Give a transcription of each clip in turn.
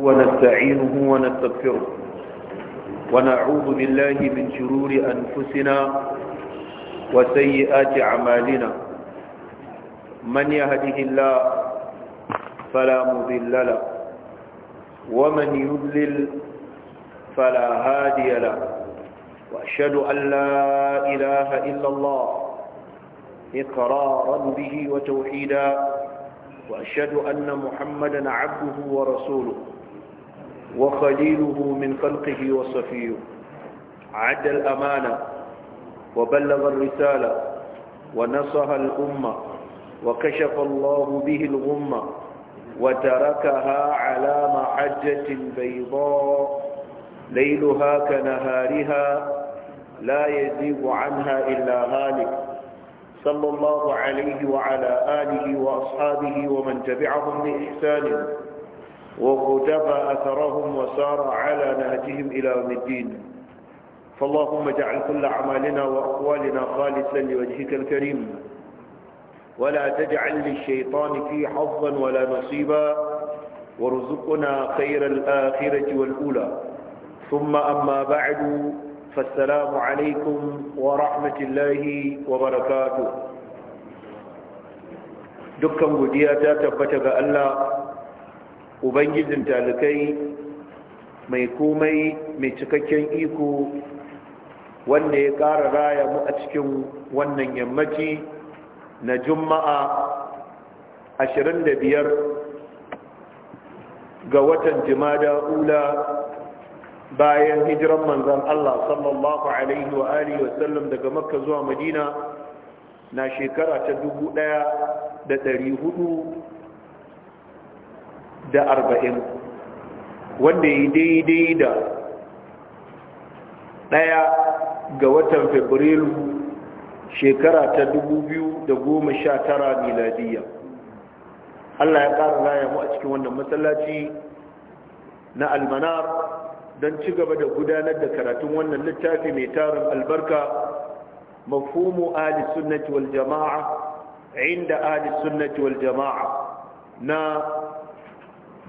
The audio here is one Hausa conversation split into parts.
ونستعينه ونستغفره ونعوذ بالله من شرور أنفسنا وسيئات أعمالنا من يهده الله فلا مضل له ومن يضلل فلا هادي له وأشهد أن لا إله إلا الله إقرارا به وتوحيدا وأشهد أن محمدا عبده ورسوله وخليله من خلقه وصفيه عد الأمانة وبلغ الرسالة ونصها الأمة وكشف الله به الغمة وتركها على محجة بيضاء ليلها كنهارها لا يزيغ عنها إلا هالك صلى الله عليه وعلى آله وأصحابه ومن تبعهم بإحسان وقتفى أثرهم وسار على نهجهم إلى يوم الدين فاللهم اجعل كل أعمالنا وأقوالنا خالصا لوجهك الكريم ولا تجعل للشيطان فيه حظا ولا نصيبا وارزقنا خير الآخرة والأولى ثم أما بعد فالسلام عليكم ورحمة الله وبركاته دكا مجيئة تبتغى الله ubangijin talikai mai komai mai cikakken iko wanda ya ƙara raya mu a cikin wannan yammaci na juma'a 25 ga watan jimada ula bayan hijiran manzan Allah sallallahu alaihi wa alihi wa sallam daga makka zuwa madina na shekara ta dubu ɗaya da 1400 da arba'in wanda yi daidai da ɗaya ga watan fabrilu shekara ta da goma sha tara miladiyya Allah ya ƙara raya mu a cikin wannan matsalaci na almanar don ci gaba da gudanar da karatun wannan littafi mai tarin albarka mafhumu ahli sunnati wal jama'a inda ahli sunnati wal jama'a na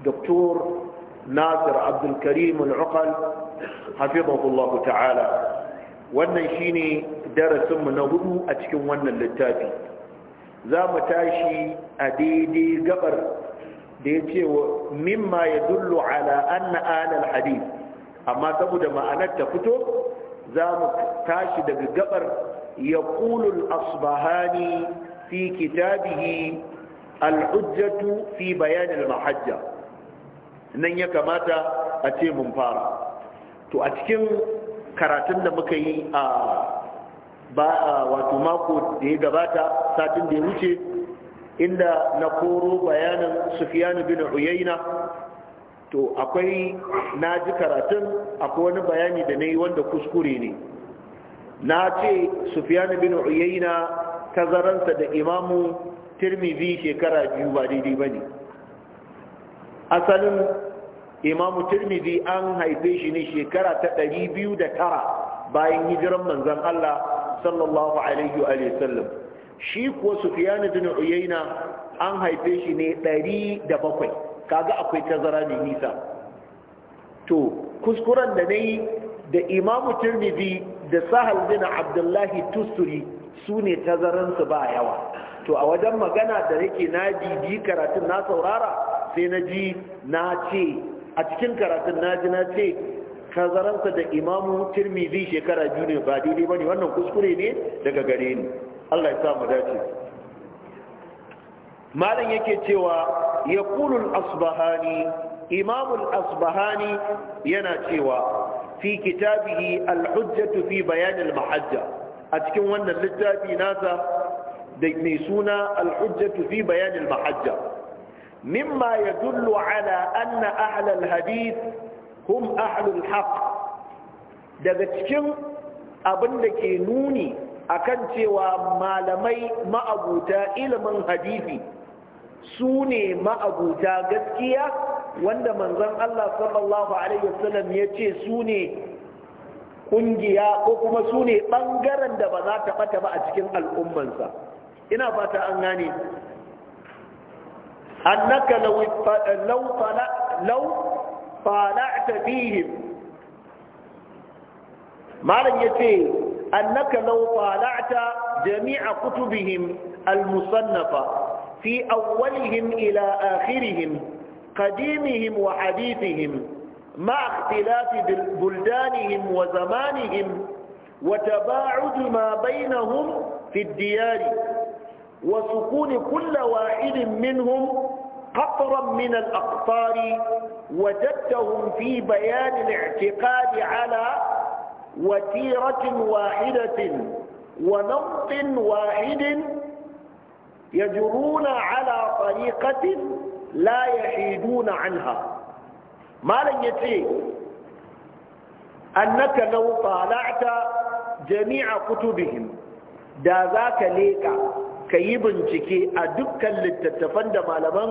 دكتور ناصر عبد الكريم العقل حفظه الله تعالى wannan shine darasinmu na hudu a cikin wannan littafi za mu tashi a daidai gabar da ya ce wa mimma ya dullu ala anna alal hadith amma saboda ma'anar ta fito za mu tashi daga gabar ya ƙulul asbahani fi kitabihi al'ujjatu fi bayanin mahajja nan ya kamata a ce mun fara to a cikin karatun da muka yi a ba wato mako da ya gabata satin da ya wuce inda na koro bayanin sufiyanu bin uyayna to akwai na ji karatun akwai wani bayani da na yi wanda kuskure ne na ce sufiyanu bin uyayna tazaransa da imamu tirmidhi shekara biyu ba daidai ba ne asalin imamu turmizi an haife shi ne shekara ta ɗari biyu da tara bayan hijiran manzan Allah sallallahu alaihi wa sallam shi kuwa sufyan ibn an haife shi ne ɗari da bakwai kaga akwai tazara ne nisa to kuskuren da nayi da imamu turmizi da sahal bin abdullahi tusturi su ne tazaransu ba yawa to a wajen magana da yake na bibi karatun na saurara sai na ji na ce a cikin karatun na ji na ce kazaransa da imamu tirmidhi shekara biyu ne ba daidai ba ne wannan kuskure ne daga gare ni allah ya sa mu dace malam yake cewa ya kulul asbahani imamul asbahani yana cewa fi kitabihi al fi bayan mahajja a cikin wannan littafi nasa da mai suna al fi Bayanin mahajja مما يدل على أن أهل الحديث هم أهل الحق daga cikin abin da ke nuni akan cewa malamai ma'abuta ilimin hadisi su ne ma'abuta gaskiya wanda manzon Allah sallallahu alaihi wasallam ya ce su ne kungiya ko kuma su ne ɓangaren da ba za ta ɓata ba a cikin al'ummansa ina fata an gane أنك لو لو طلع لو طالعت فيهم ما لن يتي أنك لو طالعت جميع كتبهم المصنفة في أولهم إلى آخرهم قديمهم وحديثهم مع اختلاف بلدانهم وزمانهم وتباعد ما بينهم في الديار وسكون كل واحد منهم قطرا من الأقطار وجدتهم في بيان الاعتقاد على وتيرة واحدة ونمط واحد يجرون على طريقة لا يحيدون عنها ما لن يتي أنك لو طالعت جميع كتبهم دا ذاك ليك ka yi bincike a dukkan littattafan da malaman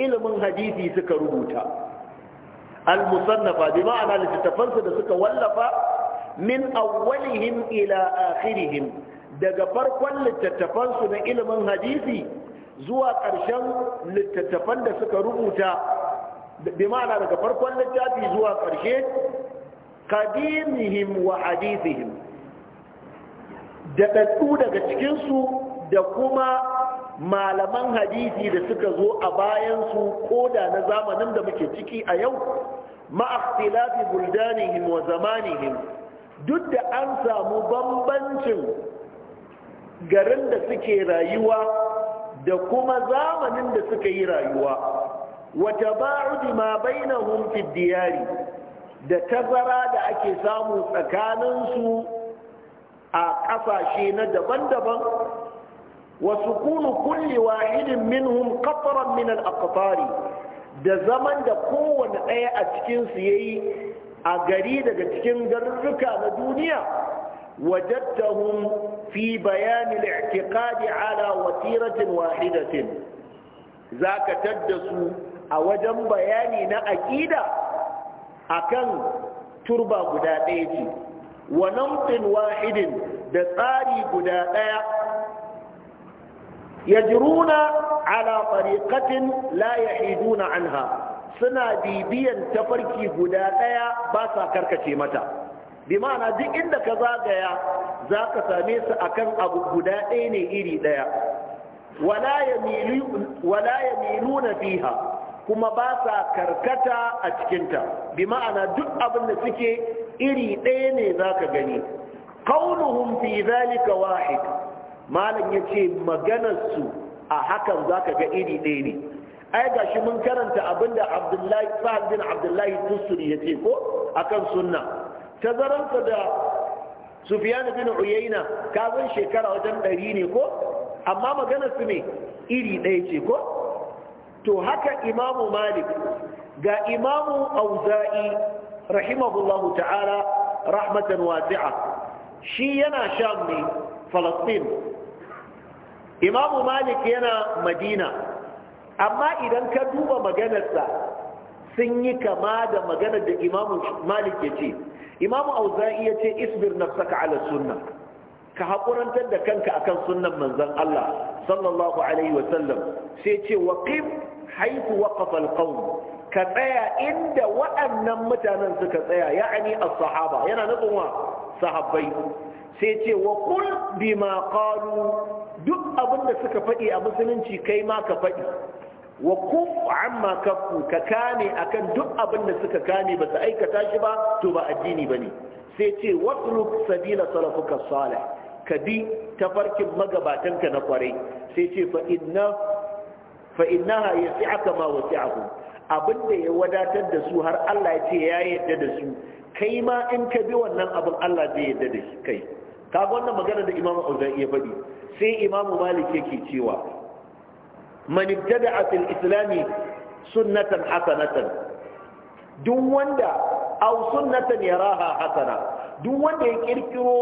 ilimin hadisi suka rubuta al-musannafa bi ma'ana littattafansu da suka wallafa min awwalihim ila akhirihim daga farkon littattafansu na ilimin hadisi zuwa ƙarshen littattafan da suka rubuta bi ma'ana daga farkon littafi zuwa ƙarshe qadimihim wa hadithihim da daga cikinsu da kuma malaman hadisi da suka zo a bayan su koda na zamanin da muke ciki a yau ma'akhtilafi buldanihim wa zamanihim duk da an samu bambancin garin da suke rayuwa da kuma zamanin da suka yi rayuwa wata ba'udi ma bainahum fi diyari da tazara da ake samu tsakaninsu a ƙasashe na daban-daban وسكون كل واحد منهم قطرا من الأقطار da zaman da kowane ɗaya a cikinsu ya yi a gari daga cikin garurruka na duniya wajattahum fi bayani al-i'tiqadi ala watiratin wahidatin zaka tadda su a wajen bayani na aƙida a kan turba guda ɗaya ce wa namtin wahidin da tsari guda ɗaya yajruna ala tariqatin la yahiduna anha suna bibiyan tafarki guda daya ba sa karkace mata bi ma'ana duk inda ka zagaya za ka same su akan abu guda ɗaya ne iri ɗaya wala ya miluna fiha kuma ba sa karkata a cikinta bi ma'ana duk abin da suke iri ɗaya ne za ka gani kaunuhum fi zalika wahid malam ya ce maganarsu a hakan za ka ga iri ɗaya ne ai ga shi mun karanta abinda abdullahi sa'ad bin abdullahi tusuri ya ce ko akan sunna tazaransa da sufiyan bin uyayna ka zan shekara wajen ɗari ne ko amma maganarsu ne iri ɗaya ce ko to haka imamu malik ga imamu auza'i rahimahullahu ta'ala rahmatan wasi'a shi yana sham ne falastin imamu malik yana madina amma idan ka duba maganarsa sun yi kama da maganar da imamu malik ya ce imamu auza'i ya ce isbir saka ala sunna ka haƙurantar da kanka akan sunnan manzon Allah sallallahu alaihi wa sallam sai ce waqif haifu waqafa alqawm ka tsaya inda waɗannan mutanen suka tsaya ya'ani as-sahaba yana nufin wa sahabbai sai ce wa kul ma qalu duk abin da suka faɗi a musulunci kai ma ka faɗi wa kuf amma kafu ka kame akan duk abin da suka kame ba su aikata shi ba to ba addini ne sai ce wasluk sabila salafuka salih ka bi tafarkin magabatanka na kwarai sai ce fa inna fa innaha yasi'aka ma wasi'ahu abinda ya wadatar da su har Allah ya ce ya yarda da su kai ma in ka bi wannan abin Allah zai yarda da kai kaga wannan magana da imamu auza'i ya faɗi sai imamu malik yake cewa man ibtada'a fil islami sunnatan hasanatan duk wanda aw sunnatan yaraha hasana duk wanda ya kirkiro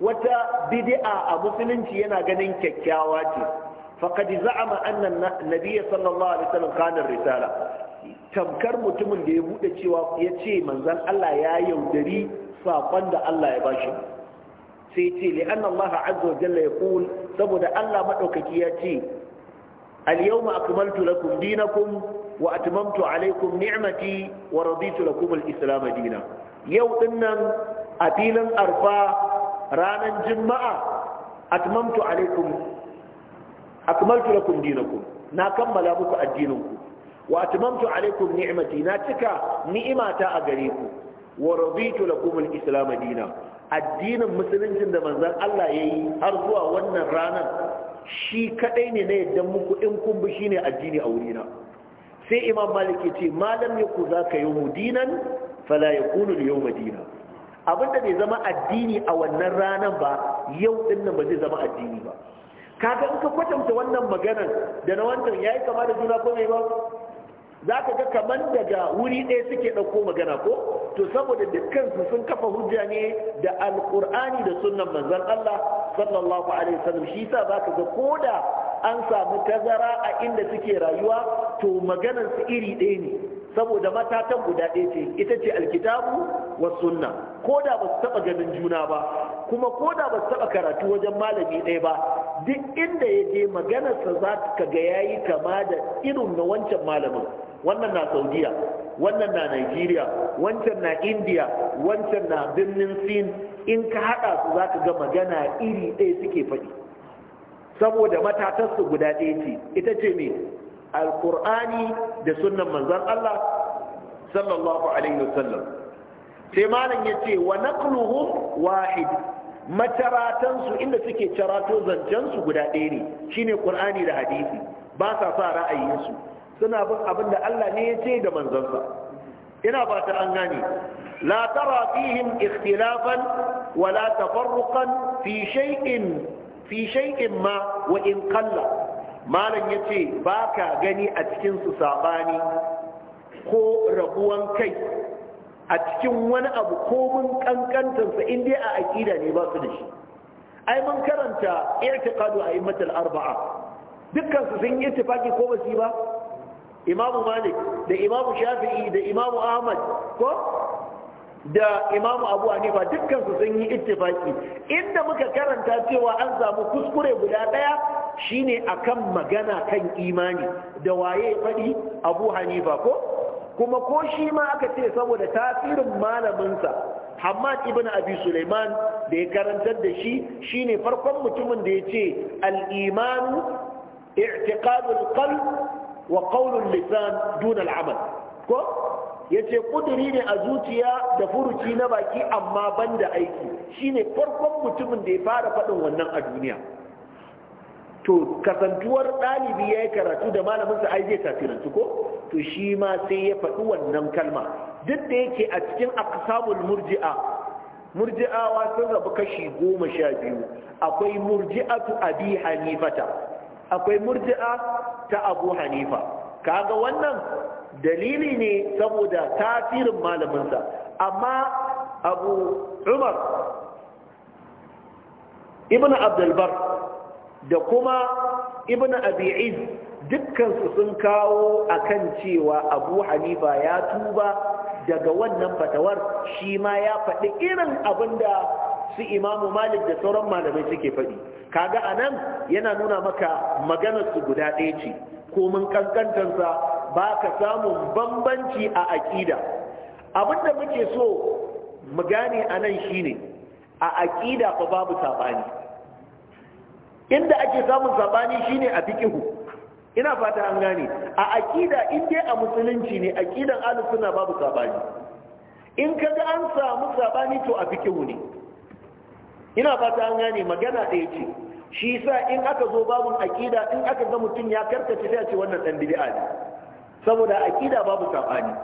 wata bid'a a musulunci yana ganin kyakkyawa ce faqad za'ama anna nabiyya sallallahu alaihi wasallam kana risala tamkar mutumin da ya bude cewa ya ce manzon Allah ya yaudari saƙon da Allah ya bashi sai ce li Allah azza wa jalla ya yaqul saboda Allah madaukaki ya ce al yawma akmaltu lakum dinakum wa atmamtu alaykum ni'mati wa raditu lakum al islam dinan yau dinnan a filin arfa ranar juma'a atmamtu alaykum akmaltu lakum dinakum na kammala muku addininku wa atmamtu alaykum ni'mati na cika ni'imata a gare ku wa raditu lakum al islam dinan addinin musuluncin da manzan Allah ya yi har zuwa wannan ranar shi kadai ne na yadda muku in kun bi shine addini a wurina sai imam malik ya ce malam ya ku za ka yi mudinan fala ya kunu da yau madina abinda bai zama addini a wannan ranar ba yau din nan ba zai zama addini ba kaga in ka kwatanta wannan maganar da na wancan ya yi kama da juna ko mai ba za ka ga kamar daga wuri ɗaya suke ɗauko magana ko to saboda dukkansu sun kafa hujja ne da alƙur'ani da sunan manzon Allah sallallahu alaihi wasallam shi yasa za ka ga koda an samu tazara a inda suke rayuwa to maganar su iri ɗaya ne saboda matatan guda ɗaya ce ita ce alkitabu wa sunna koda ba su taɓa ganin juna ba kuma koda ba su taɓa karatu wajen malami ɗaya ba duk inda ya je maganarsa za ka ga yayi kama da irin na wancan malamin wannan na saudiya wannan na nigeria wancan na india wancan na birnin sin in ka hada su za ka ga magana iri ɗaya suke faɗi saboda matatarsu guda ɗaya ce ita ce me alkur'ani da sunan manzon allah sallallahu alaihi wasallam sai malam ya ce wa naqluhum wahid mataratansu inda suke carato zancensu guda ɗaya ne shine qur'ani da hadisi ba sa sa ra'ayinsu suna bin abin da Allah ne ya ce da manzansa ina ba ta an gane la tara fihim ikhtilafan wala tafarruqan fi shay'in fi shay'in ma wa in qalla malam yace baka gani a cikin su sabani ko rabuwan kai a cikin wani abu ko mun kankantansa in dai a aƙida ne ba su da shi ai mun karanta i'tiqadu a'immatul arba'a dukkan su sun yi tafaki ko basi ba imamu malik da imamu shafi'i da imamu ahmad ko da imamu abu hanifa dukkansu sun yi ittifaki inda muka karanta cewa an samu kuskure guda ɗaya shine akan magana kan imani da waye faɗi abu hanifa ko kuma ko shi ma aka ce saboda tasirin malaminsa Hamad ibn Abi Sulaiman da ya karantar da shi shine farkon mutumin da ya ce al-imanu i'tiqadul qalb wa qaulul lisan dun ko ya ce kuduri ne a zuciya da furuci na baki amma banda aiki shine farkon mutumin da ya fara faɗin wannan a duniya to kasantuwar ɗalibi ya yi karatu da malaminsa ai zai tasirantu ko to shi ma sai ya faɗi wannan kalma duk da yake a cikin aqsamul murji'a murji'awa sun rabu kashi goma sha biyu akwai murji'atu abi hanifata akwai murji'a ta abu hanifa kaga wannan dalili ne saboda tasirin malaminsa amma abu umar ibn abdulbar da kuma ibn abi'iz dukkansu sun kawo akan cewa abu hanifa ya tuba daga wannan fatawar shi ma ya faɗi irin abinda su imamu malik da sauran malamai suke faɗi kaga anan yana nuna maka maganar su guda ɗaya ce ko mun kankantansa ba ka samun bambanci a aƙida abinda muke so mu gane a nan shine a aƙida fa babu saɓani inda ake samun saɓani shine a fiƙihu ina fata an gane a aƙida in a musulunci ne aƙidan ahlus babu saɓani in kaga an samu saɓani to a fiƙihu ne ina fata an gane magana ɗaya ce shi yasa in aka zo babun aƙida in aka ga mutum ya karkace ta ce wannan ɗan bid'a ne saboda aƙida babu saɓani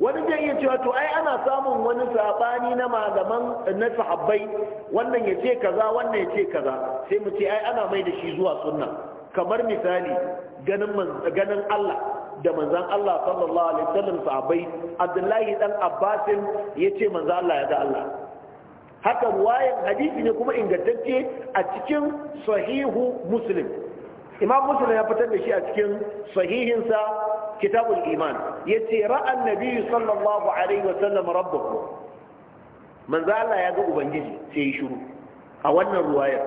wani zai iya cewa to ai ana samun wani saɓani na malaman na sahabbai wannan ya ce kaza wannan ya ce kaza sai mu ce ai ana mai da shi zuwa sunna kamar misali ganin Allah da manzan Allah sallallahu alaihi wasallam sahabbai Abdullahi dan Abbasin yace manzan Allah ya ga Allah haka ruwayan hadisi ne kuma ingantacce a cikin sahihu muslim imam muslim ya fitar da shi a cikin sahihinsa kitabul iman Ya ce ra'an nabiyyu sallallahu alaihi wa sallam rabbahu manzo Allah ya ga ubangiji sai ya shiru a wannan ruwayar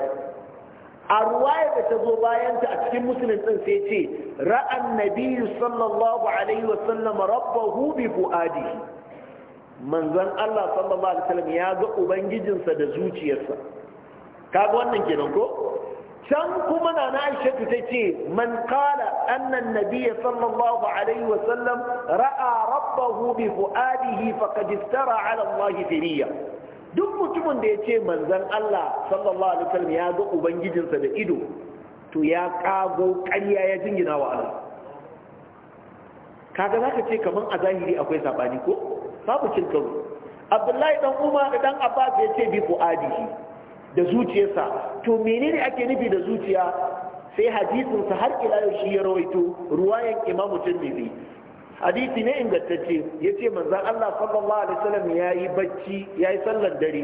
a ruwaya da ta zo bayanta a cikin musulun ɗin sai ce ra'an nabiyu sallallahu alaihi wasallam rabbahu bi fu'adihi manzon Allah sallallahu alaihi wasallam ya ga ubangijinsa da zuciyarsa kaga wannan kenan ko can kuma na na Aisha ta ce man qala anna an nabiy sallallahu alaihi wasallam ra'a rabbahu bi fu'adihi faqad iftara ala Allah firiya duk mutumin da ya ce manzon Allah sallallahu alaihi wasallam ya ga ubangijinsa da ido to ya kago ƙarya ya jingina wa Allah kaga zaka ce kaman a zahiri akwai sabani ko babu cin karo abdullahi dan umar da dan abbas ya ce bi ku fu'adihi da zuciyarsa to menene ake nufi da zuciya sai hadisin sa har ila yau shi ya rawaito ruwayan imam tirmidhi hadisi ne ingantacce yace manzon Allah sallallahu alaihi wasallam yayi bacci yayi sallar dare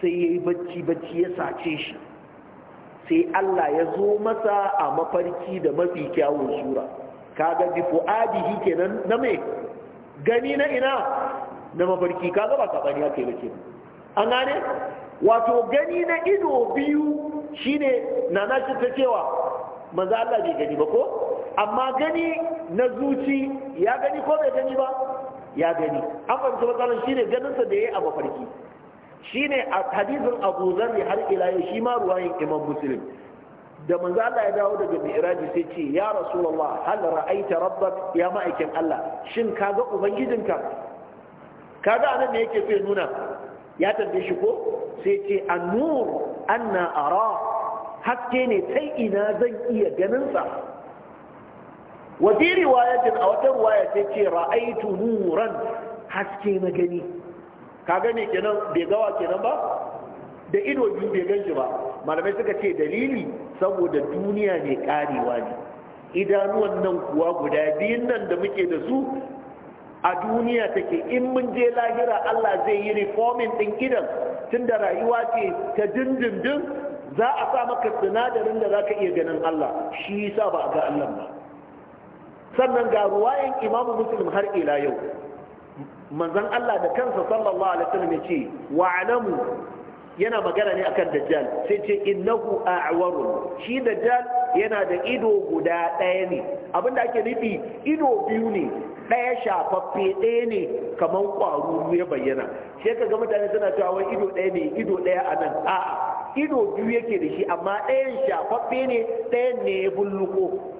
sai yayi bacci bacci ya sace shi sai Allah ya zo masa a mafarki da mafi kyawun sura kaga bi fu'adihi kenan na me gani na ina na mafarki kaga ba sabani aka yi ba an gane wato gani na ido biyu shine na shi ta cewa maza Allah bai gani ba ko amma gani na zuci ya gani ko bai gani ba ya gani an fahimci matsalar ne ganinsa da ya yi a mafarki shine a hadisin abu zarri har ila yau shi ma ruwayin imam muslim da manzo Allah ya dawo daga mi'raji sai ce ya rasulullah hal ra'aita rabbak ya ma'aikin Allah shin ka kaga ubangijinka ga anan ne yake so ya nuna ya tambaye shi ko sai ce an-nur anna ara haske ne sai ina zan iya ganin sa wa fi riwayatin a wata riwaya sai ce ra'aitu nuran haske na gani kaga ne kenan bai gawa kenan ba da ido biyu bai gan shi ba malamai suka ce dalili saboda duniya ne karewa ne idanuwan nan kuwa guda biyun nan da muke da su a duniya take in mun je lahira Allah zai yi reforming din gidan, tunda rayuwa ce ta dindindin za a sa maka sinadarin da zaka iya ganin Allah shi yasa ba ga Allah ba sannan ga ruwayan Imam Muslim har ila yau manzon Allah da kansa sallallahu alaihi wasallam ya ce wa'lamu yana magana ne akan dajjal sai ce innahu a'warun shi dajjal yana da ido guda ɗaya ne abinda ake nufi ido biyu ne ɗaya shafaffe ɗaya ne kamar ƙwaro ya bayyana sai ka ga mutane suna cewa wai ido ɗaya ne ido ɗaya a nan a'a ido biyu yake da shi amma ɗayan shafaffe ne ɗayan ne ya bulluko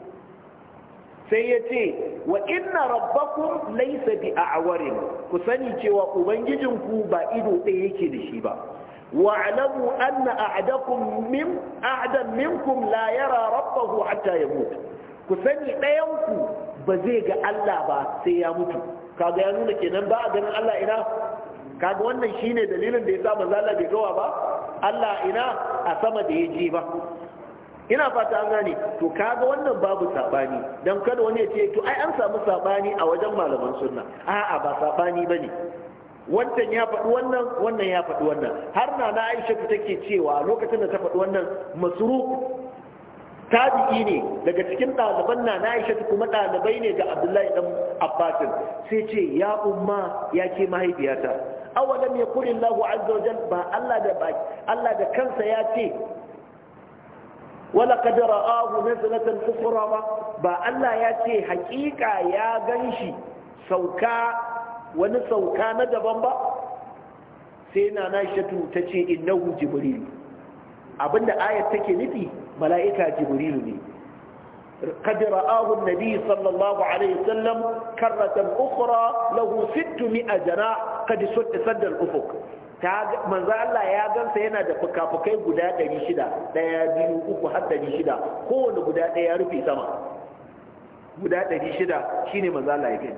sai ya ce wa inna rabbakum laysa bi a'warin ku sani cewa ubangijinku ba ido ɗaya yake da shi ba واعلموا أن أعدكم من أعدا منكم لا يرى ربه حتى يموت كسني ɗayanku ba zai ga Allah ba sai ya mutu kaga ya nuna kenan ba a ganin Allah ina kaga wannan shine dalilin da ya sa manzo Allah bai gawa ba Allah ina a sama da ya ba ina fata an gane to kaga wannan babu sabani dan kada wani ya ce to ai an samu sabani a wajen malaman sunna a'a ba sabani bane wancan ya faɗi wannan wannan ya faɗi wannan har na na aisha ta take cewa lokacin da ta faɗi wannan masru tabi'i ne daga cikin ɗaliban na na aisha kuma ɗalibai ne ga abdullahi dan abbasin sai ce ya umma ya ke mahaifiyata awalam ya kuri lahu azza ba allah da kansa ya ce wala qad ra'ahu nazlatan ukhra ba ba allah ya ce haƙiƙa ya ganshi sauka wani sauka na daban ba sai na na shatu ta ce innahu jibril abinda ayat take nufi mala'ika jibril ne قد رآه النبي صلى الله عليه وسلم كرة أخرى له ستمائة جناح قد سد الأفق manzo Allah ya gansa yana da fikafikai guda 600 daya biyu uku har 600 kowane guda daya ya rufe sama guda 600 shine manzo Allah ya gani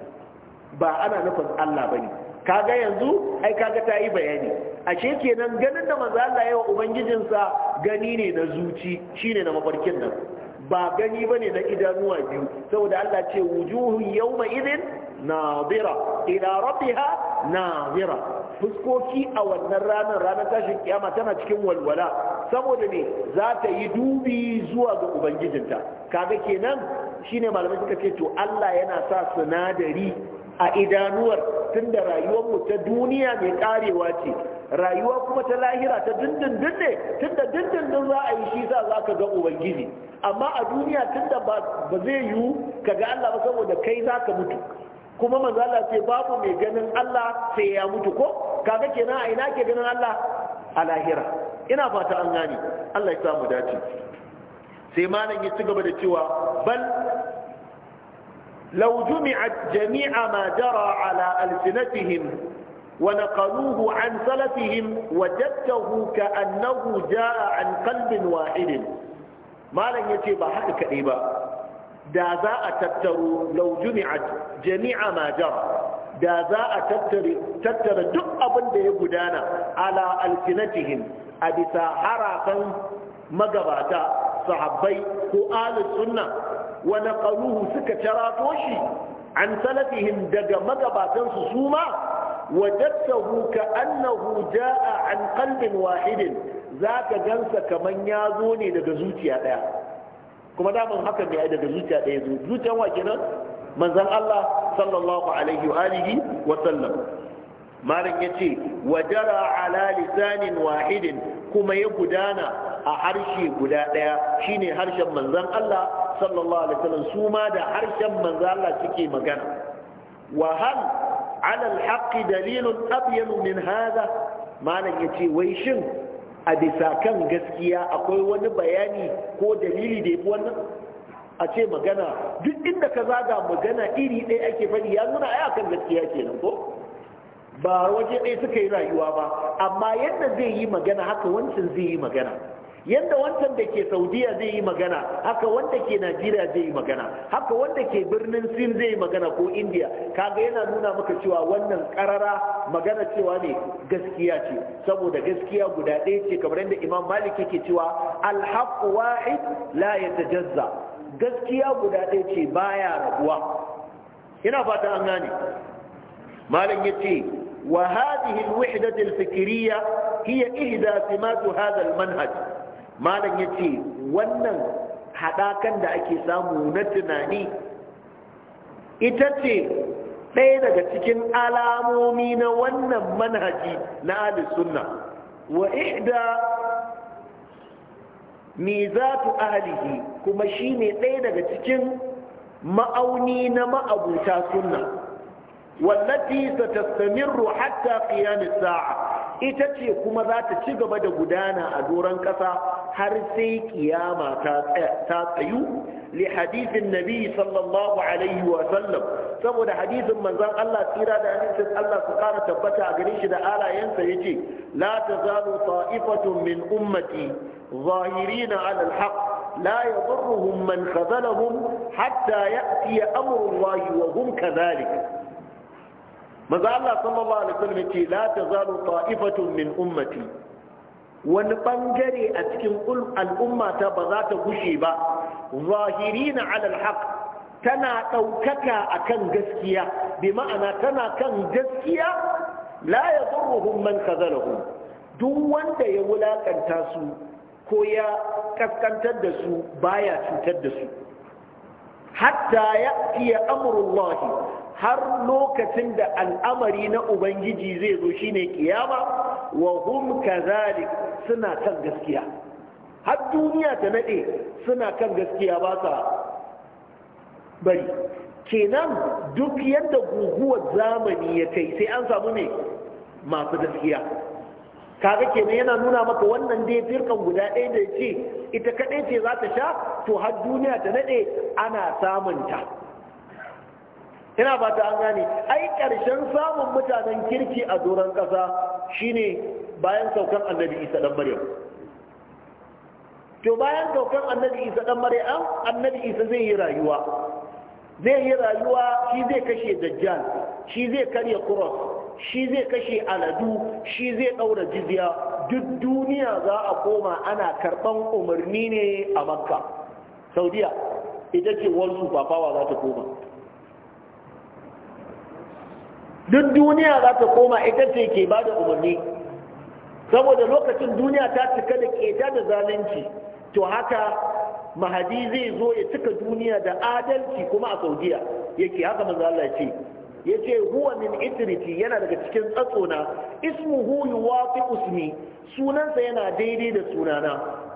ba ana nufin Allah bane kaga yanzu ai kaga ta yi bayani ashe kenan ganin da manzo Allah ya wa ubangijinsa gani ne na zuci shine na mafarkin nan ba gani ba ne na idanuwa biyu saboda Allah ce wujuhun yawma idin nadira ila Na nadira fuskoki a wannan ranar ranar tashin kyama tana cikin walwala saboda ne za ta yi dubi zuwa ga ubangijinta kaga kenan shine malamai suka ce to Allah yana sa sinadari a idanuwar tun da mu ta duniya mai karewa ce rayuwa kuma ta lahira ta dindindin ne tun da dindindin za a yi shi za, za ka ga ubangiji amma a duniya tun da ba zai yiwu ka ga allah ba saboda kai za ka mutu kuma manzala ce babu mai ganin allah sai ya mutu ko kaga kenan a ina ke ganin allah a lahira ina fata an gane allah ya samu dace sai malam ya ci gaba da cewa bal لو جمعت جميع ما جرى على ألسنتهم ونقلوه عن سلفهم وجدته كأنه جاء عن قلب واحد ما لن يتبع حق كريبا دازاء ذا لو جمعت جميع ما جرى دازاء za تتر tattara أبن به بدانا على ألسنتهم أبسا alfinatihim a sahabbai ko ahlus sunna wa ƙaruhu suka tarato shi an salafihin daga magabatan su suma wa jaddahu ka annahu jaa an qalbin wahidin zaka gansa kamar ya zo ne daga zuciya daya kuma daman haka ne ai daga zuciya daya zo zuciyan wa kenan Allah sallallahu alaihi wa alihi wa sallam malam yace ce jara ala lisanin wahidin kuma ya gudana a harshe guda daya shine harshen manzon Allah sallallahu alaihi wasallam su ma da harshen manzon Allah suke magana wa hal ala alhaqi dalilun abyan min hada malam yace wai shin a bisa kan gaskiya akwai wani bayani ko dalili da yafi wannan a ce magana duk inda ka zaga magana iri ɗaya ake faɗi ya nuna ai akan gaskiya kenan ko ba waje ɗaya suka yi rayuwa ba amma yadda zai yi magana haka wancan zai yi magana yadda wancan da ke saudiya zai yi magana haka wanda ke najeriya zai yi magana haka wanda ke birnin sin zai yi magana ko Indiya, kaga yana nuna maka cewa wannan karara magana cewa ne gaskiya ce saboda gaskiya guda ɗaya ce kamar yadda imam malik yake cewa alhaqu wahid la yatajazza gaskiya guda ɗaya ce baya rabuwa ina fata an gane malam yace وهذه الوحدة الفكرية هي إحدى سمات هذا المنهج ما لن يتي ونن ake دا أكي سامو نتناني إتتي ɗaya daga cikin alamomi na wannan manhaji na ahli sunna wa ihda mizatu ahlihi kuma shine ɗaya daga cikin ma'auni na ma'abuta sunna wallati satastamirru hatta qiyam as-sa'a ita ce kuma za ta ci gaba da gudana a doron kasa har sai kiyama ta tsayu li hadithin nabi sallallahu alaihi wa sallam saboda hadisin manzon Allah tsira da hadisin Allah su kara tabbata a ganin shi da alayensa yace la tazalu ta'ifatun min ummati zahirina 'ala al la لا يضرهم من خذلهم حتى يأتي أمر الله وهم كذلك manzo Allah sallallahu alaihi wasallam yace la tazalu ta'ifatun min ummati wani bangare a cikin al'ummata ba za ta gushe ba zahirina ala alhaq tana daukaka akan gaskiya bi ma'ana tana kan gaskiya la yadurruhum man khazalahum duk wanda ya wulakanta su ko ya kaskantar da su baya cutar da su hatta ya iya amurullahi har lokacin da al'amari na ubangiji zai zo shine kiyama wa hum kazalik suna kan gaskiya har duniya ta nade suna kan gaskiya ba sa bari kenan duk yadda guguwar zamani ya kai sai an samu ne masu gaskiya kaga kenan yana nuna maka wannan dai firkan guda ɗaya da ce ita kaɗai ce za ta sha to har duniya ta nade ana samunta ina ba ta an gane ai ƙarshen samun mutanen kirki a doron ƙasa shine bayan saukan annabi isa dan maryam to bayan saukan annabi isa dan maryam annabi isa zai yi rayuwa zai yi rayuwa shi zai kashe dajjal shi zai karya kuros shi zai kashe aladu shi zai ɗaura jiziya. duk duniya za a koma ana karɓan umarni ne a makka saudiya ita ce wasu fafawa za ta koma duk duniya za ta koma ita ce ke ba da umarni saboda lokacin duniya ta cika da keta da zalunci to haka mahadi zai zo ya cika duniya da adalci kuma a saudiya yake haka Maza Allah ce yace huwa min itriti yana daga cikin tsatsona ismuhu wafi usmi sunansa yana daidai da sunana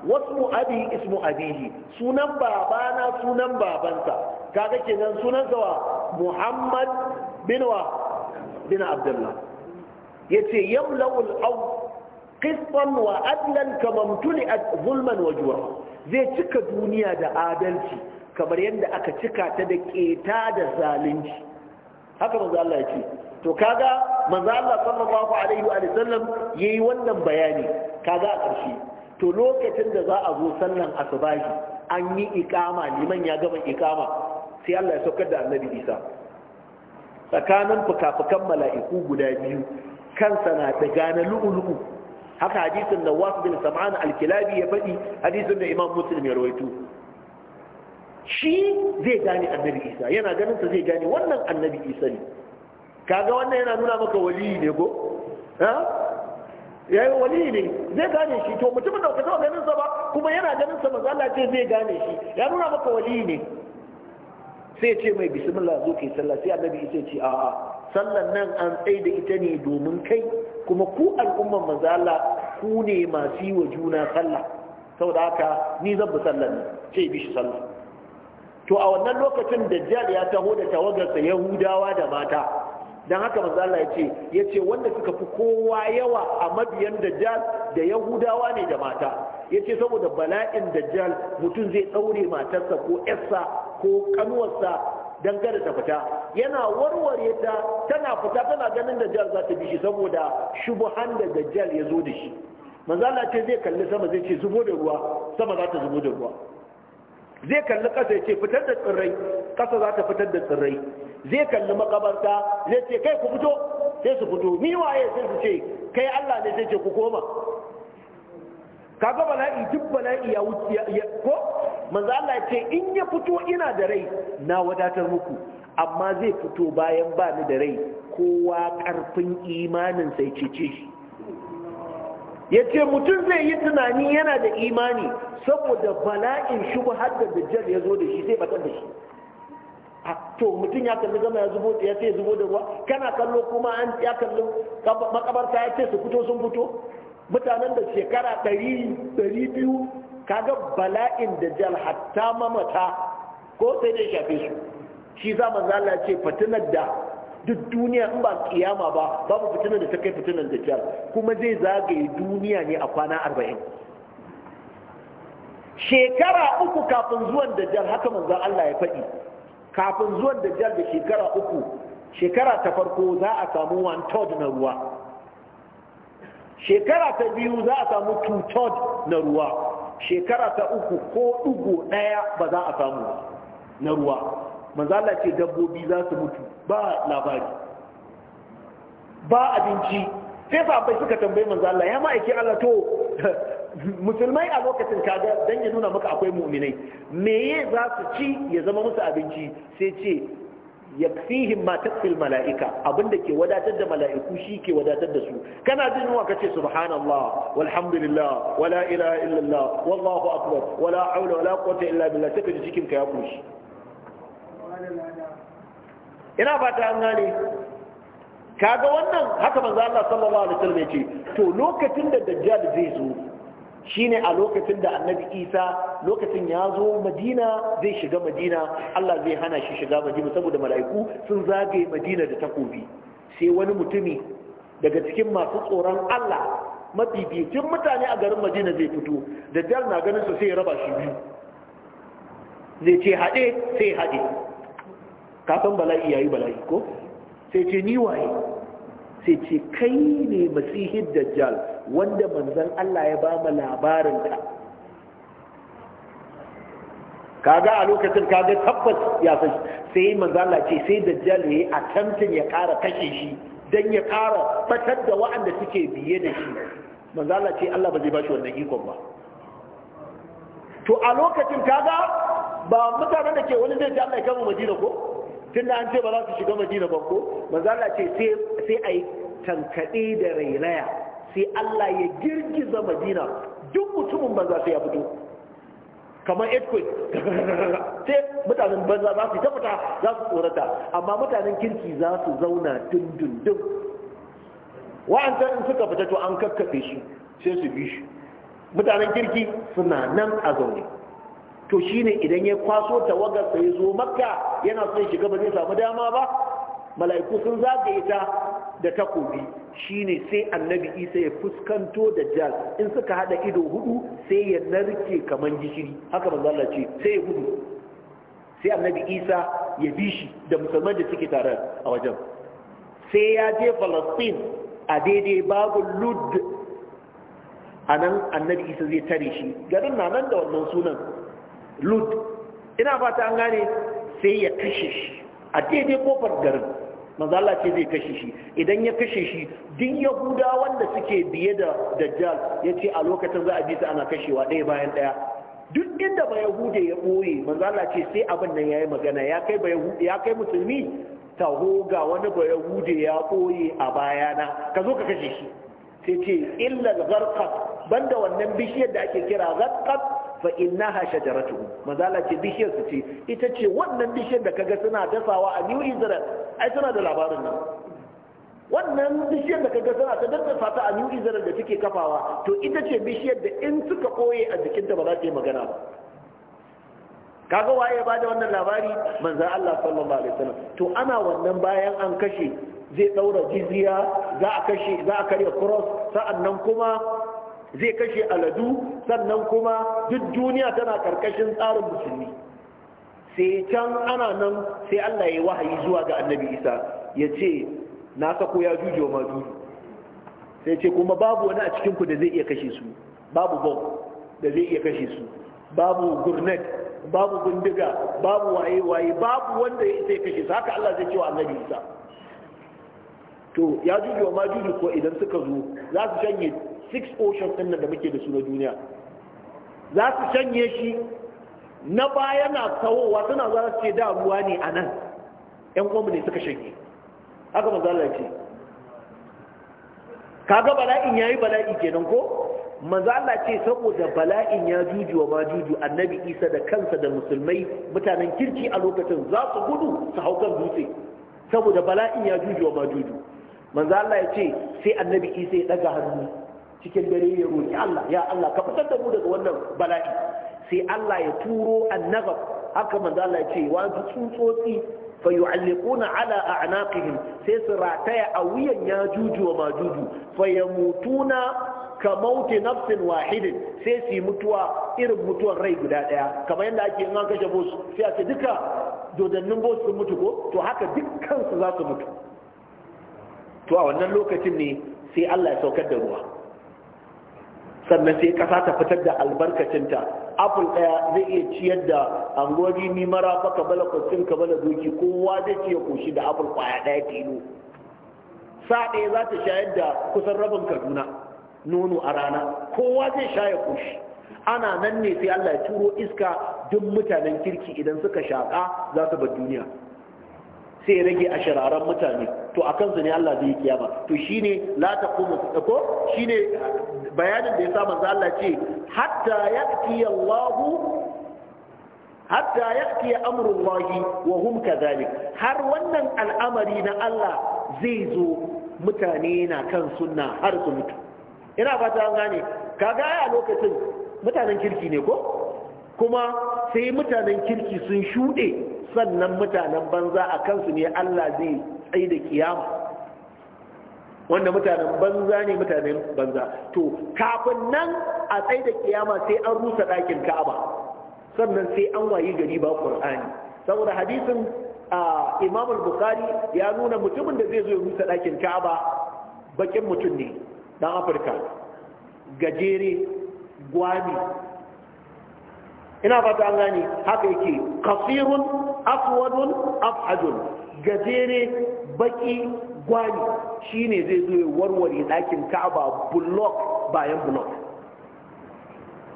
wasu abi ismu abihi sunan babana sunan babansa kaga kenan sunansa wa muhammad bin wa bin abdullah yace yamla'ul aw qistan wa adlan kama tuli'at zulman wa zai cika duniya da adalci kamar yadda aka cika ta da keta da zalunci haka manzo Allah ya ce to kaga manzo Allah sallallahu alaihi wa sallam yayi wannan bayani kaga a ƙarshe to lokacin da za a zo sallan asubahi an yi ikama liman ya gama ikama sai Allah ya saukar da annabi Isa tsakanin fuka-fukan mala'iku guda biyu kansa na daga na lu'ulu'u haka hadisun da wasu bin sam'an alkilabi ya faɗi hadisun da imam muslim ya rawaito shi zai gane annabi isa yana ganin sa zai gane wannan annabi isa ne kaga wannan yana nuna maka wali ne go ya yi wali ne zai gane shi to mutumin da ka taɓa ganin sa ba kuma yana ganin sa mazala ce zai gane shi ya nuna maka wali ne sai ce mai bismillah zo kai sallah sai annabi sai ce a'a sallan nan an tsaye da ita ne domin kai kuma ku al'umman manzo Allah ku ne masu yi wa juna sallah saboda haka ni zan bi sallan nan ce bi shi sallah to a wannan lokacin da dajjal ya taho da tawagarsa yahudawa da mata dan haka manzo Allah ya ce yace wanda suka fi kowa yawa a mabiyan dajjal da yahudawa ne da mata Ya ce saboda bala'in dajjal mutum zai daure matarsa ko yarsa ko kanuwarsa don gada ta fita yana warware ta tana fita tana ganin da jihar za ta bishi saboda shubuhan da dajjal ya zo da shi manzala ce zai kalli sama zai ce zubo da ruwa sama za ta zubo da ruwa zai kalli ƙasa ya ce fitar da tsirrai ƙasa za ta fitar da tsirrai zai kalli makabarta zai ce kai ku fito sai su fito ni waye sai su ce kai Allah ne sai ce ku koma kaga bala'i duk bala'i ya wuce ya ko manzo Allah ce in ya fito ina da rai na wadatar muku amma zai fito bayan ba ni da rai kowa karfin imanin sai cece shi ya ce mutum zai yi tunani yana da imani saboda bala'in shubhar da dajjal ya zo da shi sai batar da shi to mutum ya kalli gama ya zubo ya ce zubo da ruwa kana kallo kuma an ya kalli makabarta ya ce su fito sun fito mutanen da shekara ɗari ɗari biyu kaga bala'in da jal hatta mamata ko sai dai shafe su shi za mu zala ce fitinar da duk duniya in ba kiyama ba babu fitinar da ta kai fitinar da jal kuma zai zagaye duniya ne a kwana arba'in shekara uku kafin zuwan da jal haka manzo Allah ya faɗi kafin zuwan da jal da shekara uku shekara ta farko za a samu one third na ruwa shekara ta biyu za a samu tutod na ruwa shekara ta uku ko ugu ɗaya ba za a samu na ruwa manzala ce dabbobi za su mutu ba labari ba abinci sai sahabbai suka tambayi manzala ya ma'aiki Allah to musulmai a lokacin kaga dan ya nuna maka akwai mu'minai meye za su ci ya zama musu abinci sai ce yakfihim ma takfil mala'ika abinda ke wadatar da mala'iku shi ke wadatar da su kana jin wa kace subhanallah walhamdulillah wala ilaha illallah wallahu akbar wala haula wala quwwata illa billah take ji cikin ka ya kushi ina fata an gane kaga wannan haka manzo Allah sallallahu alaihi wasallam ya ce to lokacin da dajjal zai zo shine a lokacin da annabi isa lokacin ya zo madina zai shiga madina allah zai hana shi shiga madina saboda mala'iku sun zagaye madina da takobi sai wani mutumi daga cikin masu tsoron allah mafificin mutane a garin madina zai fito da jar na ganin su sai raba shi biyu zai ce haɗe sai haɗe kafin bala'i yayi bala'i ko sai ce ni waye sai ce kai ne masihin dajjal wanda manzon Allah ya ba mu labarin Ka kaga a lokacin kaga tabbas ya san sai manzon Allah ce sai dajjal a attempting ya kara kashe shi dan ya kara fatar da waɗanda suke biye da shi manzon Allah ce Allah ba zai ba shi wannan ikon ba to a lokacin kaga ba mutanen da ke wani zai ji Allah ya kama Madina ko tunda an ce ba za su shiga madina ba ko manzo Allah ce sai sai ai tankade da rairaya sai Allah ya girgiza madina duk mutumin banza sai ya fito kamar earthquake sai mutanen banza za su tafata za su tsorata amma mutanen kirki za su zauna dundundun wa'ancan in suka fita to an kakkafe shi sai su bi shi mutanen kirki suna nan a zaune to shine idan ya kwaso tawagar sai zo makka yana son shiga ba zai samu dama ba mala'iku sun zagaye ita da takobi shine sai annabi isa ya fuskanto da jal in suka hada ido hudu sai ya narke kaman gishiri haka manzo Allah ce sai ya gudu sai annabi isa ya bi shi da musulman da suke tare a wajen sai ya je falastin a daidai babu lud a nan annabi isa zai tare shi garin na nan da wannan sunan lud ina fata an gane sai ya kashe shi a daidai kofar garin mazala ce zai kashe shi idan ya kashe shi duk yahuda wanda suke biye da dajjal ya ce a lokacin za a bi ana kashewa ɗaya bayan ɗaya duk inda ba hude ya ɓoye mazala ce sai abin nan yayi magana ya kai ba ya kai musulmi taho ga wani ba hude ya ɓoye a bayana ka zo ka kashe shi sai ce illal gharqat banda wannan bishiyar da ake kira gharqat fa ha shajaratu mazala ce bishiyar su ce ita ce wannan bishiyar da kaga suna dasawa a New Israel ai suna da labarin nan wannan bishiyar da kaga suna ta daddasa ta a New Israel da take kafawa to ita ce bishiyar da in suka koye a jikinta ba za ta yi magana ba kaga waye ba da wannan labari manzan Allah sallallahu alaihi wasallam to ana wannan bayan an kashe zai daura jizya za a kashe za a karya cross sa'annan kuma zai kashe aladu sannan kuma duk duniya tana karkashin tsarin musulmi sai can ana nan sai Allah ya wahayi zuwa ga annabi isa ya ce na sako ya juje wa majuju sai ce kuma babu wani a cikinku da zai iya kashe su babu bom da zai iya kashe su babu gurnet babu bindiga babu waye-waye babu wanda ya isa ya kashe su haka Allah zai ce wa annabi isa to ya juje wa majuju ko idan suka zo za su shanye six ocean din da muke da su na duniya za su shanye shi na baya na tawowa suna za su ce da ruwa ne a nan yan uwanmu ne suka shanye haka manzo Allah ce kaga bala'in ya yi bala'i kenan ko manzo Allah ce saboda bala'in ya jujuwa ma juju annabi Isa da kansa da musulmai mutanen kirki a lokacin za su gudu su hau kan dutse saboda bala'in ya jujuwa ma juju manzo Allah ya ce sai annabi Isa ya daga hannu cikin dare ya roki Allah ya Allah ka fitar da mu daga wannan bala'i sai Allah ya turo annagab haka manzo Allah ya ce wa tsuntsotsi fa yu'alliquna ala a'naqihim sai su rataya a wuyan yajuju wa majuju fa yamutuna ka mauti nafsin wahidin sai su mutuwa irin mutuwar rai guda daya kamar yadda ake in an kashe bosu, sai a ce duka dodannin bosu sun mutu ko to haka dukkan su za su mutu to a wannan lokacin ne sai Allah ya saukar da ruwa sannan sai kasa ta fitar da albarkacinta apple daya zai iya ciyar da angori ni mara baka bala kwacin ka bala doki kowa zai ciye koshi da apple kwaya daya tilo sa ɗaya za ta shayar da kusan rabin kaduna nono a rana kowa zai shaya kushi ana nan ne sai allah ya turo iska duk mutanen kirki idan suka shaƙa za su bar duniya sai rage a mutane to a kansu ne Allah zai yi kiyama to shine la taqumu ko shine bayanin da ya sa manzo Allah ce hatta ya'ti Allah hatta ya'ti amrullah wa hum kadhalik har wannan al'amari na Allah zai zo mutane na kan sunna har su mutu ina fata an gane Ka a lokacin mutanen kirki ne ko kuma sai mutanen kirki sun shuɗe sannan mutanen banza a kansu ne Allah zai tsaye da kiyama wanda mutanen banza ne mutanen banza to kafin nan a tsaye da kiyama sai an rusa ɗakin ka'aba sannan sai an wayi gari ba ƙur'ani saboda hadisin imam bukhari ya nuna mutumin da zai zo ya rusa ɗakin ka'aba bakin mutum ne dan afirka gajere gwami ina fata an gane haka yake kasirun aswadun afhajun gajere baki gwani shine zai zo ya warware ɗakin ka'aba bulok bayan bulok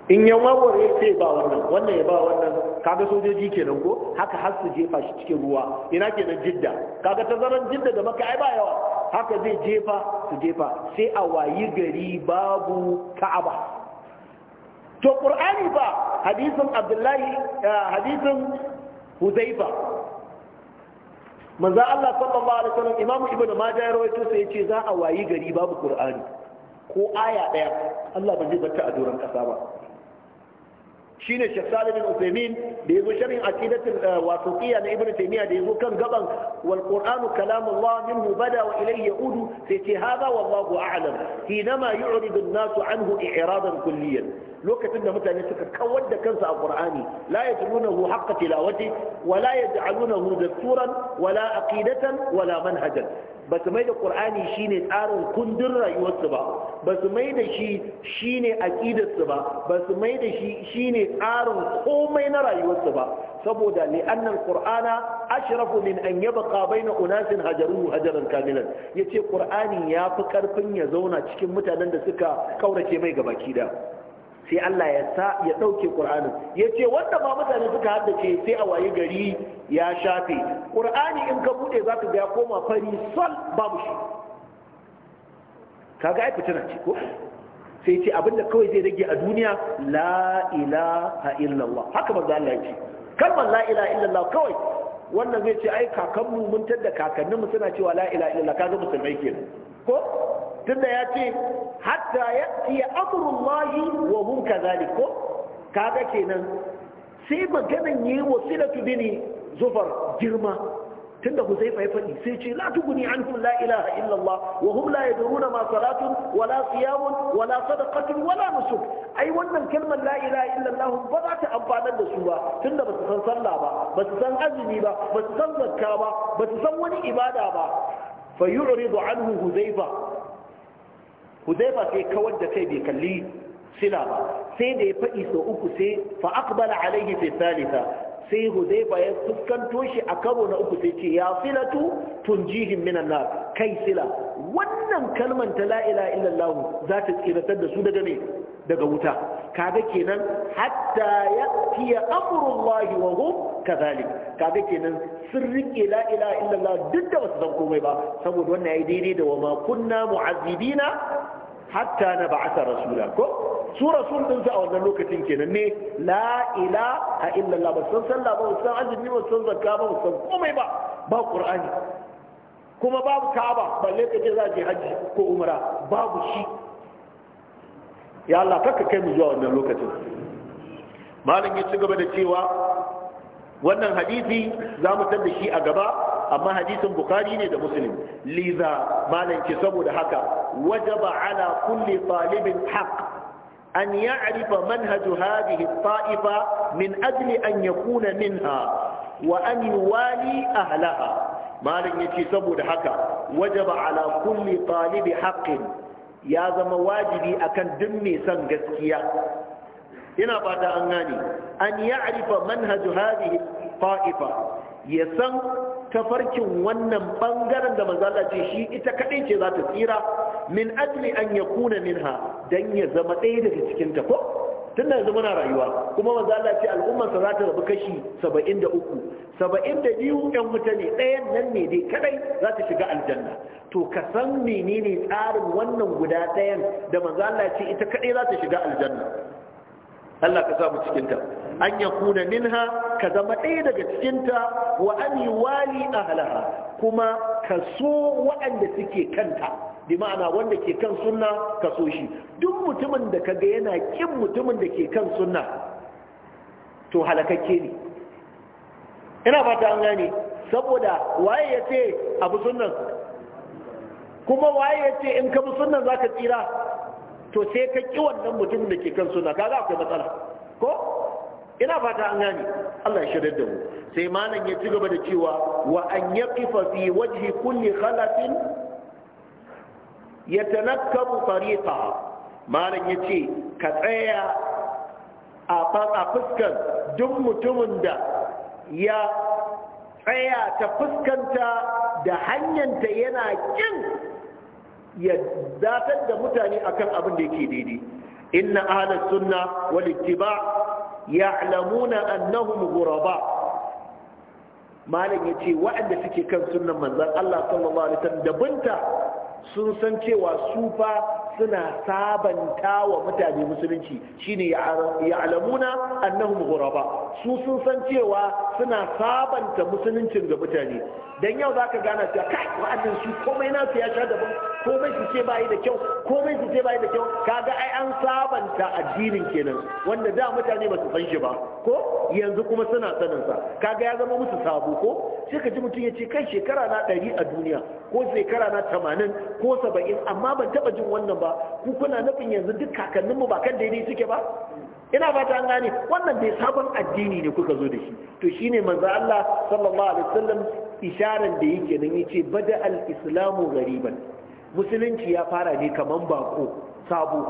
in yan warware sai ba wannan wannan ya ba wannan kaga sojoji kenan ko haka har su jefa shi cikin ruwa ina kenan jidda kaga zaman jidda da maka ai ba yawa haka zai jefa su jefa sai a wayi gari babu ka'aba to qur'ani ba hadisin abdullahi eh, hadisin huzaifa manzo Allah sallallahu alaihi wasallam imamu ibnu majah ya rawaito sai yace za a wayi gari babu qur'ani ko aya daya Allah ba zai batta a doron kasa ba shine Sheikh Salih bin Uthaymeen da yazo sharhin aqidatul wasiqiyya na Ibn Taymiyyah da yazo kan gaban wal Qur'anu kalamullah minhu bada wa ilayhi yaudu sai ce hada wallahu a'lam hinama yu'ridu an-nas anhu i'radan kulliyan lokacin da mutane suka kawar da kansu a qur'ani la yajlunahu haqqa tilawati wa la yaj'alunahu dasturan wa la aqidatan wa la manhajan ba su mai da ƙur'ani shine tsarin kundin rayuwarsu ba ba su mai da shi shine aƙidarsu ba ba su mai da shi shine tsarin komai na rayuwarsu ba saboda li ƙur'ana qur'ana ashrafu min an yabqa baina unasin hajaru hajaran kamilan ƙur'ani Ya fi karfin ya zauna cikin mutanen da suka kaurace mai gabaki da sai Allah ya sa ya ɗauke ƙur'anin ya ce wanda ba mutane suka haddace sai a waye gari ya shafe ƙur'ani in ka buɗe za ka ga ya koma fari sol babu shi kaga ai fitina ce ko sai ce abinda kawai zai rage a duniya la ilaha illallah haka manzo Allah ya ce kalmar la ilaha illallah kawai wannan zai ce ai kakanmu mun tadda kakanninmu suna cewa la ilaha illallah kaga musulmai kenan ko tunda ya ce hatta ya tiya amurullahi wa hum kazalik ko kaga kenan sai maganan yi wa silatu bini zufar girma tunda huzaifa ya faɗi sai ce la tuguni anhum la ilaha illallah, wa hum la yadruna ma salatun wala siyamun wala sadaqatun wala nusuk ai wannan kalmar la ilaha illallah ba za ta amfanar da su ba tunda ba su san sallah ba ba su san azumi ba ba su san zakka ba ba su san wani ibada ba fa anhu huzaifa huzaifa sai kawar da kai bai kalli sila ba sai da ya faɗi sau uku sai fa alaihi fi salisa sai huzaifa ya fuskanto shi a karo na uku sai ce ya filatu tunjihim minan nar kai sila wannan kalmar ta la ilaha za ta tsiratar da su daga me daga wuta kaga kenan hatta ya'tiya amrullahi wa hum kazalik kaga kenan sun rike la ilaha illallah duk da basu san komai ba saboda wannan yayi daidai da wama kunna mu'azzibina hatta na ba'atha rasula ko su rasul din sa a wannan lokacin kenan ne la ilaha illallah ba san sallah ba san azumi ba san zakka ba san komai ba ba qur'ani kuma babu ka'aba balle kace za je haji ko umra babu shi ya Allah kakka kai mu zuwa wannan lokacin malam ya ci gaba da cewa wannan hadisi za mu san da shi a gaba amma hadisin bukhari ne da muslim liza malanci saboda haka wajaba ala kulli talibin haq an ya'rifa manhaju hadhihi ta'ifa min ajli an yakuna minha wa an yuwali ahlaha malam yace saboda haka wajaba ala kulli talibi haqqin ya zama wajibi akan duk mai son gaskiya ina fata an gane an ya'rifa manhaj hadhihi ta'ifa ya san tafarkin wannan bangaren da manzala ce shi ita kadai ce za ta tsira min ajli an kuna minha dan ya zama ɗaya daga cikin ta ko tunda yanzu muna rayuwa kuma manzo ce al'ummarsa za ta rabu kashi 73 72 ɗan wuta ne ɗayan nan ne dai kadai za ta shiga aljanna to ka san menene tsarin wannan guda ɗayan da manzo ce ita kadai za ta shiga aljanna Allah ka samu cikinta an ya kuna minha ka zama ɗaya daga cikinta wa an yi wali ahlaha kuma ka so waɗanda suke kanta bi ma'ana wanda ke kan sunna ka so shi duk mutumin da ka ga yana kin mutumin da ke kan sunna to halakakke ne ina fata an gane saboda waye ya ce abu sunnan kuma waye ya ce in ka bi sunnan ka tsira to sai ka ƙi wannan mutum da ke kan suna kaga akwai matsala ko ina fata an gane Allah ya shirya da mu sai malam ya ci gaba da cewa wa an yaqifa fi wajhi kulli khalafin yatanakkabu tariqa malam ya ce ka tsaya a fuskan duk mutumin da ya tsaya ta fuskanta da hanyanta yana kin ya datar da mutane akan abin da yake daidai inna ahlus sunna wal ittiba ya'lamuna annahum ghuraba malam yace waɗanda suke kan sunnan manzon Allah sallallahu alaihi wasallam da binta sun san cewa su fa suna sabanta wa mutane musulunci shine ya'lamuna annahum ghuraba su sun san cewa suna sabanta musuluncin ga mutane dan yau zaka gana cewa kai Waɗannan su komai nasu ya sha daban komai su ce bayi da kyau komai su ce bayi da kyau kaga ai an sabanta addinin kenan wanda da mutane ba su san shi ba ko yanzu kuma suna sanin sa kaga ya zama musu sabo ko sai ka ji mutum ya ce kai shekara na ɗari a duniya ko shekara na tamanin ko saba'in amma ban taɓa jin wannan ba ku kuna nufin yanzu duk kakanninmu ba kan daidai suke ba ina fata an gane wannan dai sabon addini ne kuka zo da shi to shine manzo Allah sallallahu alaihi wasallam isharar da yake nan yace bada al-islamu ghariban musulunci ya fara ne kaman bako sabo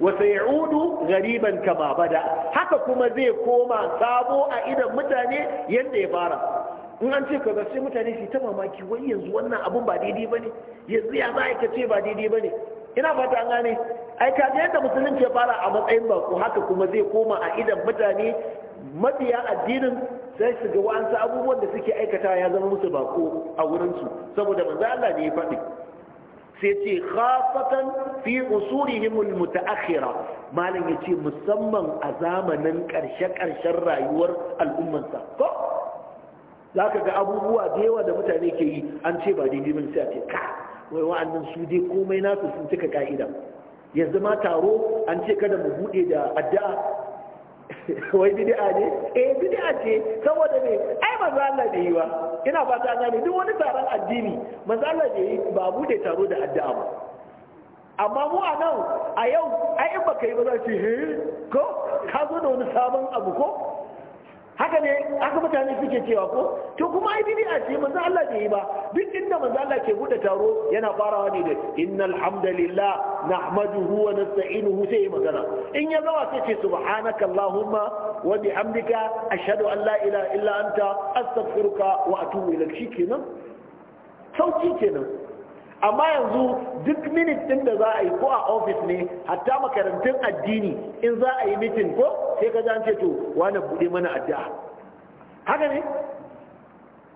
wasa ya'udu gariban kama bada haka kuma zai koma sabo a idan mutane yadda ya fara in an ce ka sai mutane shi ta mamaki wai yanzu wannan abun ba daidai bane yanzu ya za ka ce ba daidai bane ina fata an gane ai ka yadda musulunci ya fara a matsayin bako haka kuma zai koma a idan mutane mafiya addinin sai su ga wa'ansu abubuwan da suke aikata ya zama musu bako a wurinsu saboda manzo Allah ne ya faɗi sai ce khafatan fi usurihim almutaakhira malam yace musamman a zamanin karshe karshen rayuwar al'ummar sa ko zaka ga abubuwa da yawa da mutane ke yi an ce ba daidai bane sai a ce ka wai wa'annan su dai komai nasu sun cika ka'ida yanzu ma taro an ce kada mu bude da addu'a wai bid'a ne eh bid'a ce saboda ne ai manzo Allah da yi ba ina ba ta gane duk wani taron addini manzo Allah da yi ba mu da taro da addu'a ba amma mu a nan a yau ai in baka yi ba za ce he eh, ko ka zo da wani sabon abu ko haka ne aka mutane suke cewa ko to kuma ai a ce manzo Allah bai yi ba duk inda manzo Allah ke bude taro yana farawa ne da innal hamdalillah nahmaduhu wa nasta'inuhu sai magana in ya zama sai ce subhanaka allahumma wa bihamdika ashhadu an la ilaha illa anta astaghfiruka wa atubu ilaik shikenan sauki kenan amma yanzu duk minit din da za a yi ko a ofis ne hatta makarantun addini in za a yi mitin ko sai ka za ce to wani buɗe mana addu'a haka ne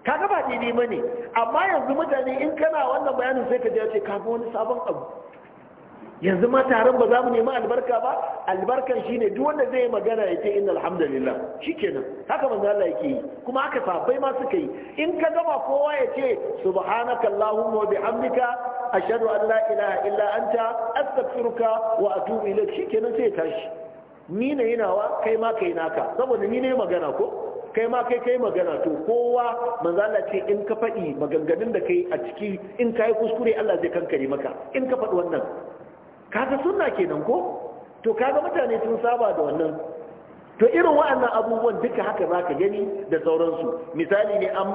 ka gaba daidai ba ne amma yanzu mutane in kana wannan bayanin sai ka je ka wani sabon abu yanzu ma taron ba za mu nemi albarka ba albarkan shine duk wanda zai yi magana ya ce inna alhamdulillah shikenan haka manzo Allah yake yi kuma haka sahabbai ma suka yi in ka gama kowa ya ce subhanaka allahumma wa bihamdika ashhadu an la ilaha illa anta astaghfiruka wa atubu Shi kenan sai tashi ni ne yinawa kai ma kai naka saboda ni ne magana ko kai ma kai kai magana to kowa manzala ce in ka faɗi maganganun da kai a ciki in ka yi kuskure Allah zai kankare maka in ka faɗi wannan kaga sunna kenan ko to kaga mutane sun saba da wannan to irin wa'annan abubuwan duka haka za ka gani da sauransu misali ne an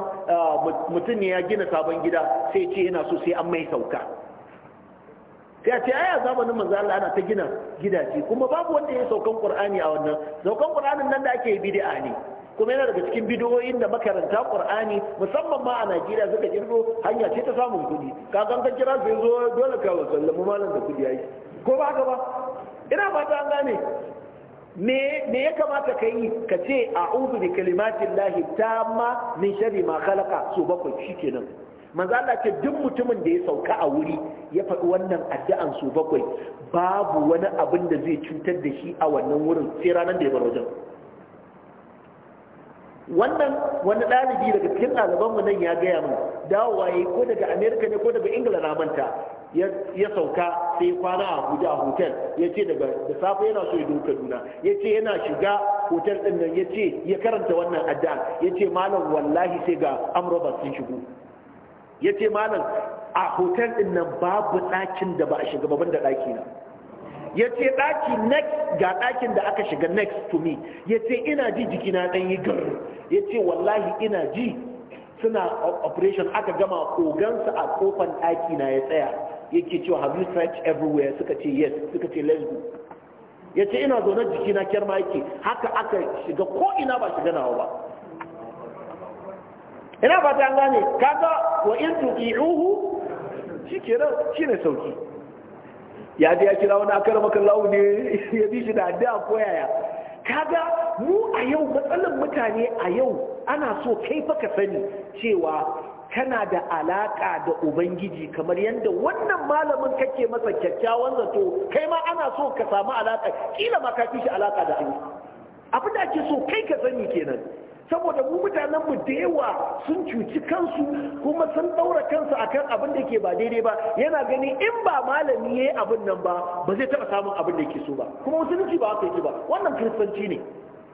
mutum ne ya gina sabon gida sai ce yana so sai an mai sauka sai ce aya zamanin manzo Allah ana ta gina gidaje kuma babu wanda ya saukan Qur'ani a wannan saukan Qur'anin nan da ake bid'a ne kuma yana daga cikin bidiyoyin da makaranta ƙur'ani, musamman ma a Najeriya suka kirgo hanya ce ta samun kuɗi kakan ka kira su zo dole ka sallama malam da kuɗi yayi ko ba haka ba ina fata an gane me ya kamata ka yi ka ce a uzu bi kalimatin lahi ta ma min shari ma khalaqa so bakwai kenan manzo Allah ce duk mutumin da ya sauka a wuri ya faɗi wannan addu'an so bakwai babu wani abin da zai cutar da shi a wannan wurin sai ranar da ya bar wajen wannan wani ɗalibi daga cikin ɗalibanmu nan ya gaya min dawowa ya ko daga amerika ne ko daga ingila na manta ya sauka sai kwana a abuja a hotel ya ce da safe yana so ya doka kaduna ya ce yana shiga hotel ɗin nan ya ce ya karanta wannan adda ya ce malam wallahi sai ga amurba sun shigo ya ce malam a hotel ɗin nan babu ɗakin da ba a shiga babban da ɗaki na ya ce ɗaki next ga ɗakin da aka shiga next to me ya ce ina ji jikina ɗan yi gar ya ce wallahi ina ji suna operation aka gama ogansa a kofan ɗaki na ya tsaya ya ke cewa have you searched everywhere suka ce yes suka ce let's go ya ce ina zaune jikina kyar ma yake haka aka shiga ko ina ba shiga nawa ba ina ba ta gane kaga wa in tuqi'uhu shikenan shine sauki ya ya kira wani akara maka lawo ne ya bi shi da addu'a ko yaya kaga mu a yau matsalar mutane a yau ana so kai fa ka sani cewa kana da alaka da ubangiji kamar yadda wannan malamin kake masa kyakkyawan zato kai ma ana so ka samu alaka kila ma ka fi shi alaka da Allah abin da ake so kai ka sani kenan saboda mu mutanen mu da yawa sun cuci kansu kuma sun daura kansu akan abin da ke ba daidai ba yana gani in ba malami yayi abin nan ba ba zai taba samun abin da yake so ba kuma musulunci ba haka yake ba wannan kristanci ne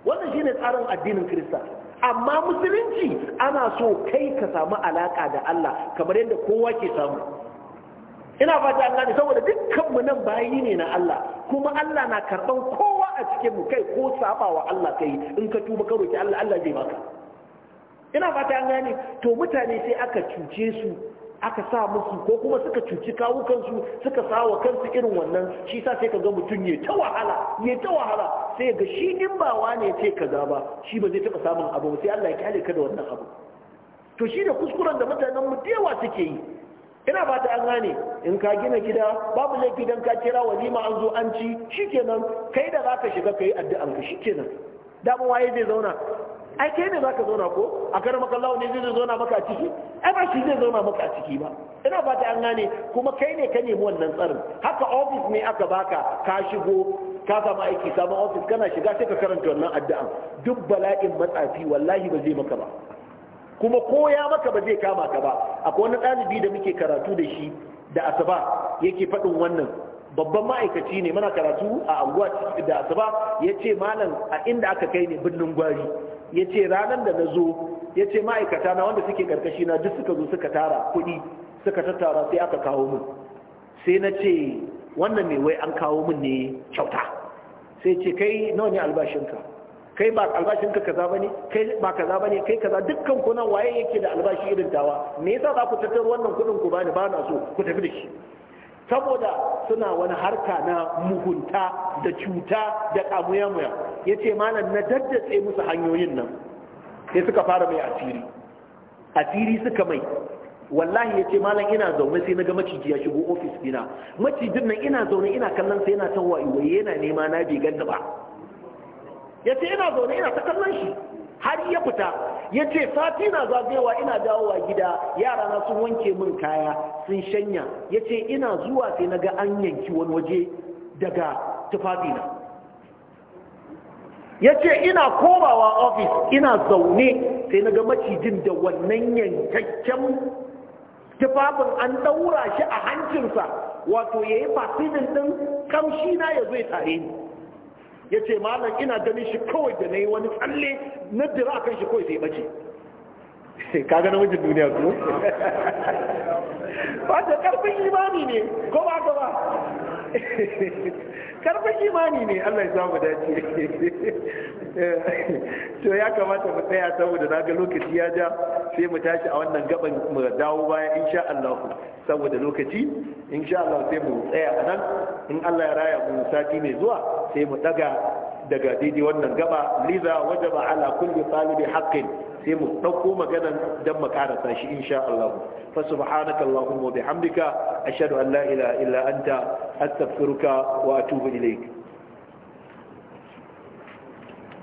wannan shine tsarin addinin krista amma musulunci ana so kai ka samu alaka da Allah kamar yadda kowa ke samu ina fata an gane saboda dukkan mu nan bayi ne na Allah kuma Allah na karban ko. a cikin mu kai ko saba wa Allah kai in ka tuba ka roki Allah Allah zai baka ina fata an gane to mutane sai aka cuce su aka sa musu ko kuma suka cuci kawukansu suka sa wa kansu irin wannan shi sa sai ka ga mutum ya ta wahala ya ta wahala sai ga shi din ba wane ce kaza ba shi ba zai taba samun abu sai Allah ya kyale ka da wannan abu to shi da kuskuren da mutanen mu da suke yi ina ba ta an gane in ka gina gida babu laifi gidan ka kira walima an zo an ci shikenan kai da zaka shiga kai addu'an ka shikenan damu waye zai zauna ai kai ne zaka zauna ko a kar maka ne zai zauna maka a ciki ai ba shi zai zauna maka a ciki ba ina ba ta an gane kuma kai ne ka nemi wannan tsarin haka ofis ne aka baka ka shigo ka samu aiki samu ofis kana shiga sai ka karanta wannan addu'an duk bala'in matsafi wallahi ba zai maka ba kuma ko ya maka ba zai kama ka ba akwai wani ɗalibi da muke karatu da shi da asaba yake faɗin wannan babban ma'aikaci ne muna karatu a anguwa da asaba ya ce malam a inda aka kai ne birnin gwari ya ce ranar da na zo ya ce ma'aikata na wanda suke karkashi na duk suka zo suka tara kuɗi suka tattara sai aka kawo min sai na ce wannan mai wai an kawo min ne kyauta sai ce kai nawa ne albashinka kai ba albashin ka kaza bane kai ba kaza bane kai kaza dukkan ku nan waye yake da albashi irin tawa me yasa za ku tattar wannan kudin ku bani ba na so ku tafi da shi saboda suna wani harka na muhunta, da cuta da kamuyamuya yace malam na daddatse musu hanyoyin nan sai suka fara mai asiri asiri suka mai wallahi ya ce malam ina zaune sai na ga maciji ya shigo ofis dina macijin nan ina zaune ina kallon sai yana ta waye yana nema na bai ganni ba ya ce ina zaune ina ta kallon shi har ya fita ya ce sati na zagayewa ina dawowa gida yara na sun wanke min kaya sun shanya ya ce ina zuwa sai na an yanki wani waje daga tufafina ya ce ina komawa ofis ina zaune sai na macijin da wannan yankakken tufafin an daura shi a hancinsa wato ya yi fasidin ɗin kamshi na ya zo ya tare ni ya ce malam ina ganin shi kawai da na yi wani tsalle na dira a kan shi kawai sai bace ka na wajen duniya ko ba da karfin imani ne ko ba karfin imani ne Allah ya mu dace to ya kamata mu tsaya saboda na ga lokaci ya ja sai mu tashi a wannan gaban mu dawo baya insha Allah saboda lokaci insha Allah sai mu tsaya a nan in Allah ya raya mu sati mai zuwa sai mu daga daga daidai wannan gaba liza wajaba ala kulli talibi haqqin sai mu ɗauko maganan don mu karasa shi insha Allah fa subhanaka Allahumma bihamdika ashhadu an la illa anta astaghfiruka wa atubu ilaik